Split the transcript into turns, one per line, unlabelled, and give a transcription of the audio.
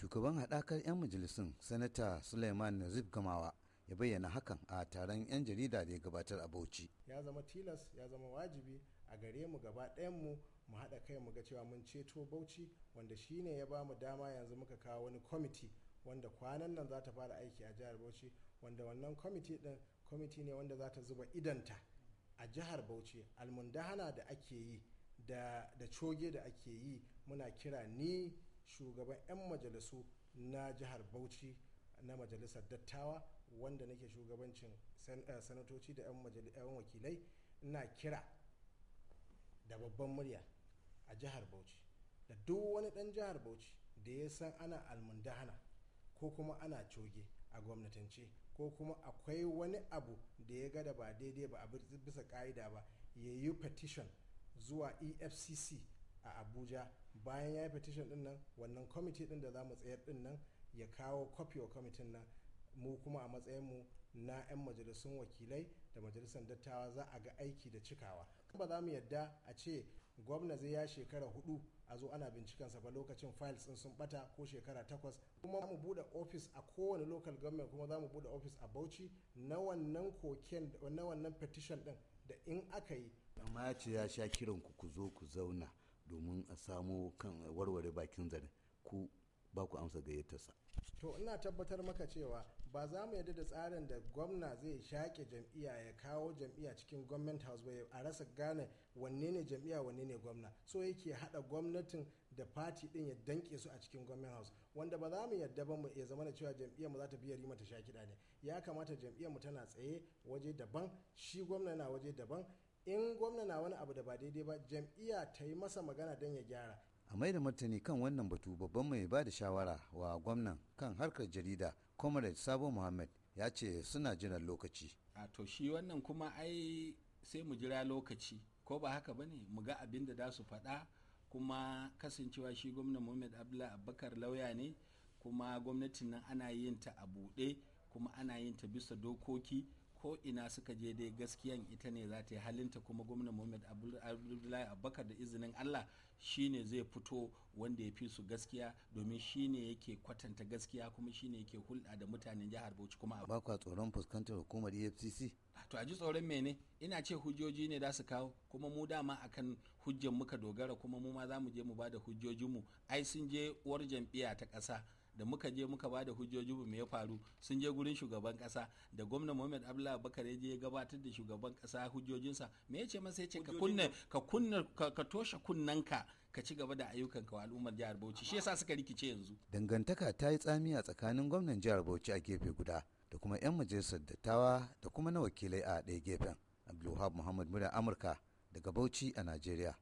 shugaban haɗakar 'yan majalisun sanata suleiman nazib gamawa ya bayyana hakan a taron 'yan jarida da ya gabatar a bauchi
ya zama tilas ya zama wajibi a gare mu gaba mu mu haɗa kai mu ga cewa mun ceto bauchi wanda shine ya ba mu dama yanzu muka kawo wani kwamiti wanda kwanan nan za ta fara aiki a jihar bauchi wanda wannan kwamiti din kwamiti ne wanda za ta zuba idanta a jihar bauchi almundahana da ake yi da coge da ake yi muna kira ni shugaban 'yan majalisu na jihar bauchi na majalisar dattawa wanda nake shugabancin eh, sanatoci da 'yan wakilai na kira da babban murya a jihar bauchi da duk wani dan jihar bauchi da ya san ana almundahana ko kuma ana coge a gwamnatance ko kuma akwai wani abu da ya gada ba daidai ba a bisa ka'ida ba ya yi petition zuwa efcc a abuja bayan ya yi petition din nan wannan kwamiti din da za mu tsayar din nan ya kawo kwafi wa kwamitin nan mu kuma a matsayin mu na 'yan majalisun wakilai da majalisar dattawa za a ga aiki da cikawa ba za mu yadda a ce gwamna zai ya shekara hudu a zo ana bincikansa ba lokacin files din sun bata ko shekara takwas kuma mu buɗe ofis a kowane local government kuma za mu bude ofis a bauchi na wannan koken na wannan petition din da in aka yi
amma ya ce ya sha kiran ku ku zo ku zauna domin a samo kan warware bakin zare ku ba ku amsa gayyatarsa
to ina tabbatar maka cewa ba za mu yadda da tsarin da gwamna zai shaƙe jam'iya ya kawo jam'iyya cikin government house ba a rasa gane wanne ne jam'iyya wanne ne gwamna so yake hada gwamnatin da fati din ya danke su a cikin government house wanda ba za mu yadda ba ya zama da cewa jam'iyyar mu za ta biya rima ta sha kiɗa ne ya kamata jam'iyyar mu tana tsaye waje daban shi gwamna na waje daban in gwamna na wani abu da ba daidai ba jam'iyya ta yi masa magana don ya gyara
a mai da martani kan wannan batu babban mai ba da shawara wa gwamnan kan harkar jarida comrade sabo muhammad ya ce suna jiran lokaci
a to shi wannan kuma ai sai mu jira lokaci ko ba haka ba ne mu ga abin da za su faɗa kuma kasancewa shi gwamnan muhammad abdullahi abubakar lauya ne kuma gwamnatin nan ana yin ta a buɗe kuma ana yin ta bisa dokoki ko ina suka je dai gaskiyan ita ne za ta yi halinta kuma gwamnan muhammad abdullahi abubakar da izinin allah shine zai fito wanda ya fi su gaskiya domin shine yake kwatanta gaskiya kuma shine yake hulɗa da mutanen jihar bauchi kuma ba
kwa tsoron fuskantar hukumar efcc
to a ji tsoron mene ina ce hujjoji ne za su kawo kuma mu dama akan hujjan muka dogara kuma mu ma za mu je mu bada da hujjojinmu ai sun je uwar jam'iyya ta ƙasa da muka je muka ba da hujjoji mu ya faru sun je gurin shugaban kasa da gwamnan Muhammad Abdullahi Bakar ya je gabatar da shugaban kasa hujjojinsa me yace masa yace ka kunna ka kunna ka toshe kunnanka ka ci gaba da ayyukan ka al'ummar jihar Bauchi shi yasa suka rikice yanzu
dangantaka ta yi tsami a tsakanin gwamnan jihar Bauchi a gefe guda da kuma 'yan majalisar dattawa da kuma na wakilai a ɗaya gefen abdulwahab muhammad Mura amurka daga bauchi a najeriya